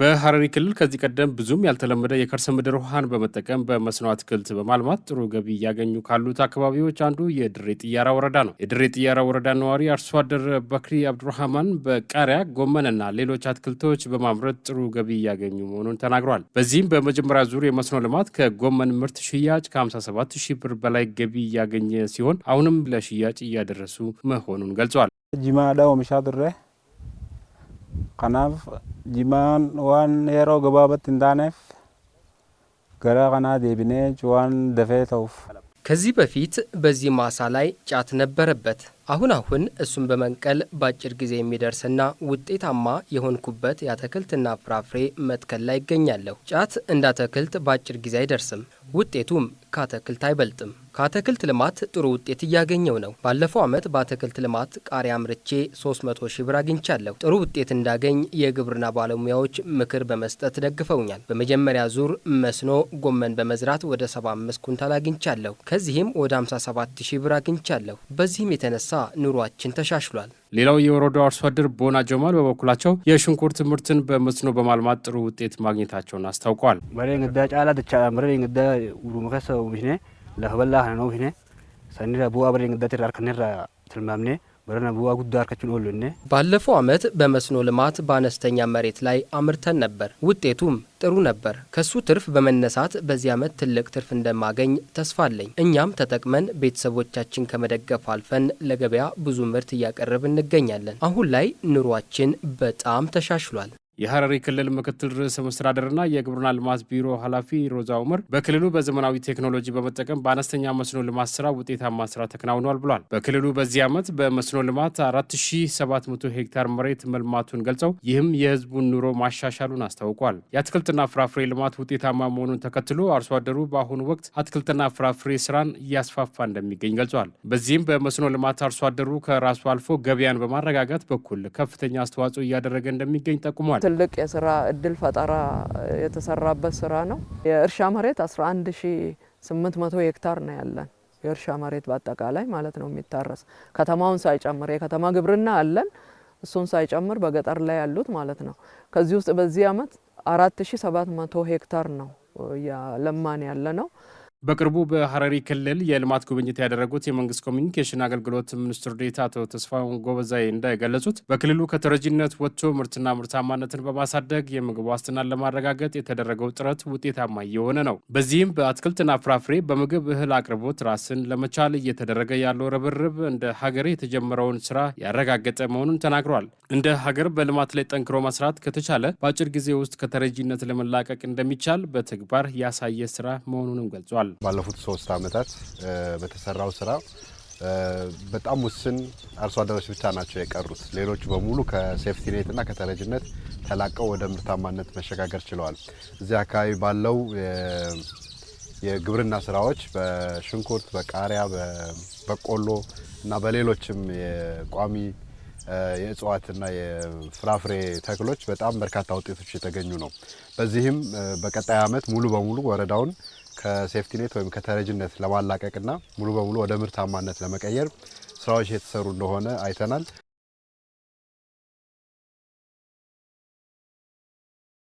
በሐረሪ ክልል ከዚህ ቀደም ብዙም ያልተለመደ የከርሰ ምድር ውሃን በመጠቀም በመስኖ አትክልት በማልማት ጥሩ ገቢ እያገኙ ካሉት አካባቢዎች አንዱ የድሬ ጥያራ ወረዳ ነው። የድሬ ጥያራ ወረዳ ነዋሪ አርሶ አደር በክሪ አብዱራህማን በቃሪያ ጎመንና ሌሎች አትክልቶች በማምረት ጥሩ ገቢ እያገኙ መሆኑን ተናግሯል። በዚህም በመጀመሪያ ዙር የመስኖ ልማት ከጎመን ምርት ሽያጭ ከ57 ሺህ ብር በላይ ገቢ እያገኘ ሲሆን አሁንም ለሽያጭ እያደረሱ መሆኑን ገልጿል። ጅማዳ ወምሻ ድሬ jiman waan yeroo gabaabaatti hin taaneef gara kanaa deebinee waan dafee ta'uuf ከዚህ በፊት በዚህ ማሳ ላይ ጫት ነበረበት። አሁን አሁን እሱን በመንቀል በአጭር ጊዜ የሚደርስና ውጤታማ የሆንኩበት የአትክልትና ፍራፍሬ መትከል ላይ ይገኛለሁ። ጫት እንደ አትክልት በአጭር ጊዜ አይደርስም፣ ውጤቱም ከአትክልት አይበልጥም። ከአትክልት ልማት ጥሩ ውጤት እያገኘው ነው። ባለፈው ዓመት በአትክልት ልማት ቃሪያ አምርቼ 300 ሺ ብር አግኝቻለሁ። ጥሩ ውጤት እንዳገኝ የግብርና ባለሙያዎች ምክር በመስጠት ደግፈውኛል። በመጀመሪያ ዙር መስኖ ጎመን በመዝራት ወደ 75 ኩንታል አግኝቻለሁ። ከዚህም ወደ 57 ሺ ብር አግኝቻለሁ። በዚህም የተነሳ ኑሯችን ተሻሽሏል። ሌላው የወረዳው አርሶ አደር ቦና ጀማል በበኩላቸው የሽንኩርት ምርትን በመስኖ በማልማት ጥሩ ውጤት ማግኘታቸውን አስታውቋል። ሰኒ ባለፈው ዓመት በመስኖ ልማት በአነስተኛ መሬት ላይ አምርተን ነበር። ውጤቱም ጥሩ ነበር። ከሱ ትርፍ በመነሳት በዚህ ዓመት ትልቅ ትርፍ እንደማገኝ ተስፋ አለኝ። እኛም ተጠቅመን ቤተሰቦቻችን ከመደገፍ አልፈን ለገበያ ብዙ ምርት እያቀረብ እንገኛለን። አሁን ላይ ኑሯችን በጣም ተሻሽሏል። የሐረሪ ክልል ምክትል ርዕሰ መስተዳደርና የግብርና ልማት ቢሮ ኃላፊ ሮዛ ኡመር በክልሉ በዘመናዊ ቴክኖሎጂ በመጠቀም በአነስተኛ መስኖ ልማት ስራ ውጤታማ ስራ ተከናውኗል ብሏል። በክልሉ በዚህ ዓመት በመስኖ ልማት 4700 ሄክታር መሬት መልማቱን ገልጸው ይህም የህዝቡን ኑሮ ማሻሻሉን አስታውቋል። የአትክልትና ፍራፍሬ ልማት ውጤታማ መሆኑን ተከትሎ አርሶ አደሩ በአሁኑ ወቅት አትክልትና ፍራፍሬ ስራን እያስፋፋ እንደሚገኝ ገልጿል። በዚህም በመስኖ ልማት አርሶ አደሩ ከራሱ አልፎ ገበያን በማረጋጋት በኩል ከፍተኛ አስተዋጽኦ እያደረገ እንደሚገኝ ጠቁሟል። ትልቅ የስራ እድል ፈጠራ የተሰራበት ስራ ነው። የእርሻ መሬት 11800 ሄክታር ነው ያለን የእርሻ መሬት በአጠቃላይ ማለት ነው የሚታረስ ከተማውን ሳይጨምር የከተማ ግብርና አለን እሱን ሳይጨምር በገጠር ላይ ያሉት ማለት ነው። ከዚህ ውስጥ በዚህ አመት 4700 ሄክታር ነው ለማን ያለ ነው። በቅርቡ በሐረሪ ክልል የልማት ጉብኝት ያደረጉት የመንግስት ኮሚኒኬሽን አገልግሎት ሚኒስትር ዴኤታ አቶ ተስፋሁን ጎበዛይ እንደገለጹት በክልሉ ከተረጂነት ወጥቶ ምርትና ምርታማነትን በማሳደግ የምግብ ዋስትናን ለማረጋገጥ የተደረገው ጥረት ውጤታማ እየሆነ ነው። በዚህም በአትክልትና ፍራፍሬ፣ በምግብ እህል አቅርቦት ራስን ለመቻል እየተደረገ ያለው ርብርብ እንደ ሀገር የተጀመረውን ስራ ያረጋገጠ መሆኑን ተናግሯል። እንደ ሀገር በልማት ላይ ጠንክሮ መስራት ከተቻለ በአጭር ጊዜ ውስጥ ከተረጂነት ለመላቀቅ እንደሚቻል በተግባር ያሳየ ስራ መሆኑንም ገልጿል። ባለፉት ሶስት ዓመታት በተሰራው ስራ በጣም ውስን አርሶ አደሮች ብቻ ናቸው የቀሩት። ሌሎች በሙሉ ከሴፍቲኔትና ከተረጅነት ተላቀው ወደ ምርታማነት መሸጋገር ችለዋል። እዚህ አካባቢ ባለው የግብርና ስራዎች በሽንኩርት፣ በቃሪያ፣ በቆሎ እና በሌሎችም የቋሚ የእጽዋትና የፍራፍሬ ተክሎች በጣም በርካታ ውጤቶች የተገኙ ነው። በዚህም በቀጣይ ዓመት ሙሉ በሙሉ ወረዳውን ከሴፍቲኔት ወይም ከተረጅነት ለማላቀቅና ሙሉ በሙሉ ወደ ምርታማነት ለመቀየር ስራዎች የተሰሩ እንደሆነ አይተናል።